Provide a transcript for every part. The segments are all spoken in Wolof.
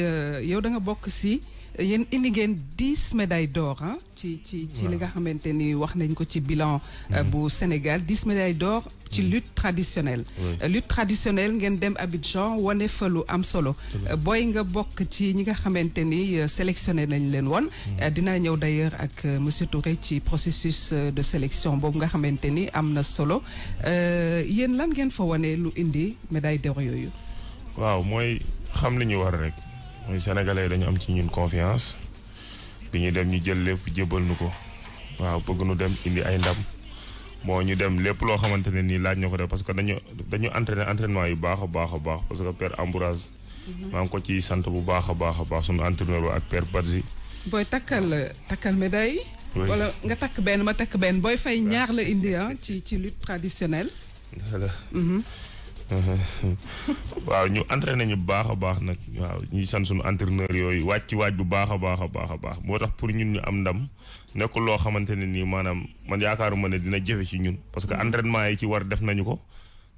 Euh, yow da nga bokk si euh, yéen indi ngeen 10 médailles d'or hein ci ci ci li nga xamante ni wax nañ ko ci bilan euh, mhm. bu Sénégal 10 médailles d'or ci mhm. lutte traditionnelle lutte traditionnelle ngeen dem Abidjan wane fa lu am solo boy nga bokk ci ñi nga xamante ni sélectionné nañ leen woon mhm. dina ñëw d'ailleurs ak monsieur Touré ci processus de sélection boobu nga xamante ni am na solo yéen lan ngeen fa wane lu indi médaille d'or yooyu waaw mooy xam li ñu war rek moy sénégalais dañu am ci ñun confiance bi ñu dem ñu jël lépp jébal nu waaw bëgg nu dem indi ay ndam bon ñu dem lépp loo xamantene ni laaj ñu ko def parce que dañu dañu entraîner entraînement yu baax a baax a baax parce que père Ambourage mhm. maa ngi ko ci sant bu baax a baax a baax sunu entraîneur ak père badzi booy takkal takkal médaille. wala nga takk benn ma takk benn booy fay ñaar la indi ah ci ci lutte traditionnelle. Mhm. waaw ñu entraîné ñu bu baax a baax nag waaw ñuy sant suñu entraîneur yooyu wàcc ci waaj bu baax a baax a baax baax moo tax pour ñun ñu am ndam nekkul loo xamante ne nii maanaam man yaakaaruma ne dina jafe ci ñun parce que mm-hmm. entraînement yi ci war def nañu ko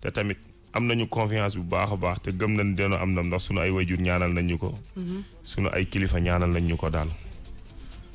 te tamit am nañu confiance bu baax a baax te gëm nañ dina am ndam ndax suñu ay wajur ñaanal nañ ñu ko. Mm-hmm. suñu ay kilifa ñaanal nañ ñu ko daal.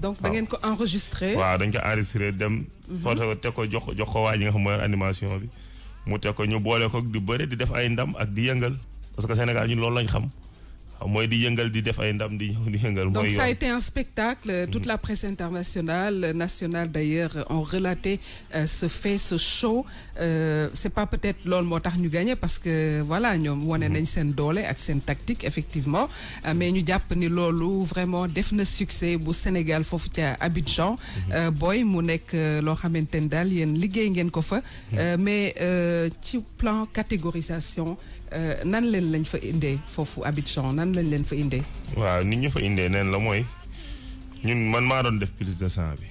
donc vous ngeen enregistré. enregistré dem. photo animation bi. mu ko ñu ko di def parce que Sénégal ñun loolu lañ xam. Ah, donc ça a été un spectacle. Euh, toute mm-hmm. la presse internationale euh, nationale d'ailleurs euh, ont relaté ce fait ce show c'est pas peut-être loolu motax nous ñu gagné parce que voilà ñom woné mm-hmm. nañ sen dolé ak sen tactique effectivement mais ñu japp ni loolu vraiment def na succès bu Sénégal Fofu Abidjan. Mm-hmm. Boy mu nek lo xamantene dal yeen liggéey ngeen ko fa. mais ci plan catégorisation nan leen lañ fa indé fofu Abidjan. nan lañ leen fa indee. nit ñu fa indee neen la mooy ñun man maa doon def prise de sang bi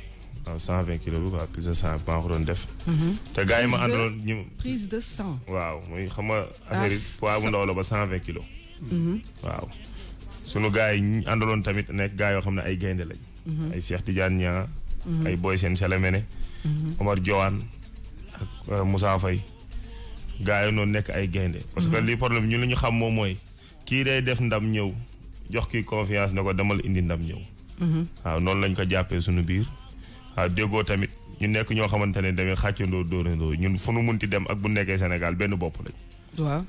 waaw cent vingt kilos bi quoi prise de sang bi maa ko doon def. Mhm. te gars yi ma àndaloon ñu. prise de sang. waaw muy xam nga ah, affaire yi bu ndaw la ba cent vingt kilos. Mhm. waaw sunu gars ñu àndaloon tamit nekk gars yoo xam ne ay gaynde lañ. Mhm. ay Cheikh Tidiane Niang. ay Boy Sène Salamene. Omar Diouane ak euh, Moussa Faye. noonu nekk ay gaynde parce que li problème ñu li xam moom mooy. kii day def ndam ñëw jox kii confiance ne ko demal indi ndam ñëw. Mhm. waaw noonu lañ ko jàppee suñu biir waaw déggoo tamit ñu nekk ñoo xamante ne tamit xàccandoo dóorandoo ñun fu nu munti dem ak bu nekkee Sénégal benn bopp lañ.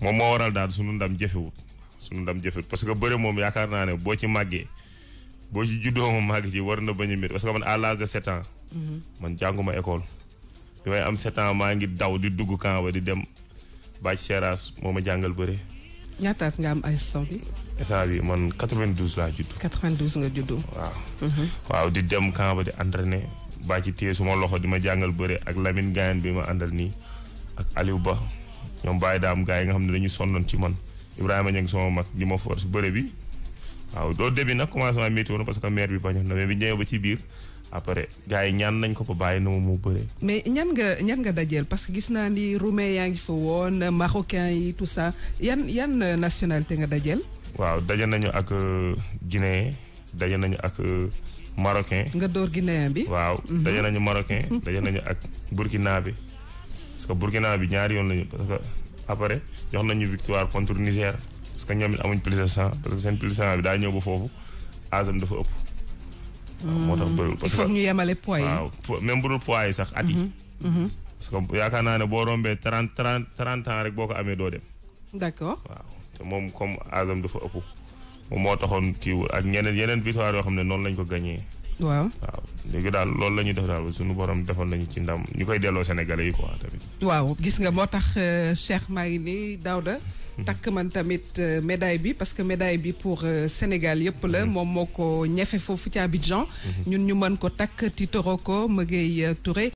moo waral daal suñu ndam jëfewut suñu ndam jëfewut parce que bëre moom yaakaar naa ne boo ci màggee boo ci juddoo ma màgg ci war na bañ a métti parce que man à l'âge mhm. man jànguma école. bi may am sept maa ngi daw di dugg camp di dem bàcc seeraas moo ma jàngal bëre. ñaata at nga am ay instant bi. instant man 92 laa judd. 92 nga juddoo. waaw. Mhm. waaw di dem camp ba di entraîner baa ci téye suma loxo di ma jàngal bëre ak Lamine Gayen bi ma àndal nii ak Aliou Ba ñoom Baye Dame gars yi nga xam ne dañu sonnoon ci man Ibrahima Niang sama mag di ma force bëre bi. waaw au début nag commencement métti woon parce que maire bi bañoon na mais bi ñëwee ba ci biir après gars yi ñaan nañ ko fa bàyyi na mu mu bëree. mais ñan nga ñan dajeel parce que gis naa ni roumain yaa ngi fa woon marocain yi tout ça yan yan nationalité nga dajeel. waaw daje nañu ak euh, guinéen daje nañu ak euh, marocain. nga door guinéen bi. waaw mhm. daje nañu marocain daje nañu ak burkina bi parce que burkina bi ñaari yoon lañu parce que après jox nañu victoire contre Niger. parce que ñoom it amuñ plus de sang parce que seen plus de daa ñëw ba foofu asam dafa ëpp. moo tax bëriwul bu dul yi sax at mm-hmm, mm-hmm. parce que yaakaar naa ne boo rombee trente trente trente ans rek boo ko amee doo dem. d'accord waaw te moom comme asam dafa ëpp moom moo taxoon kii ak ñeneen yeneen victoire yoo xam ne noonu lañ ko gagné. waaw waaw léegi daal loolu la ñuy def daal suñu borom defoon nañu ci ndam ñu koy delloo Sénégalais yi quoi tamit. waaw gis nga moo tax euh, Cheikh maa nii takk man tamit euh, médaille bi parce que médaille bi pour euh, Sénégal yëpp la mhm. moom moo ko ñefe foofu ci Abidjan mhm. ñun ñu mën ko takk tiitaroo ko Mëgey Touré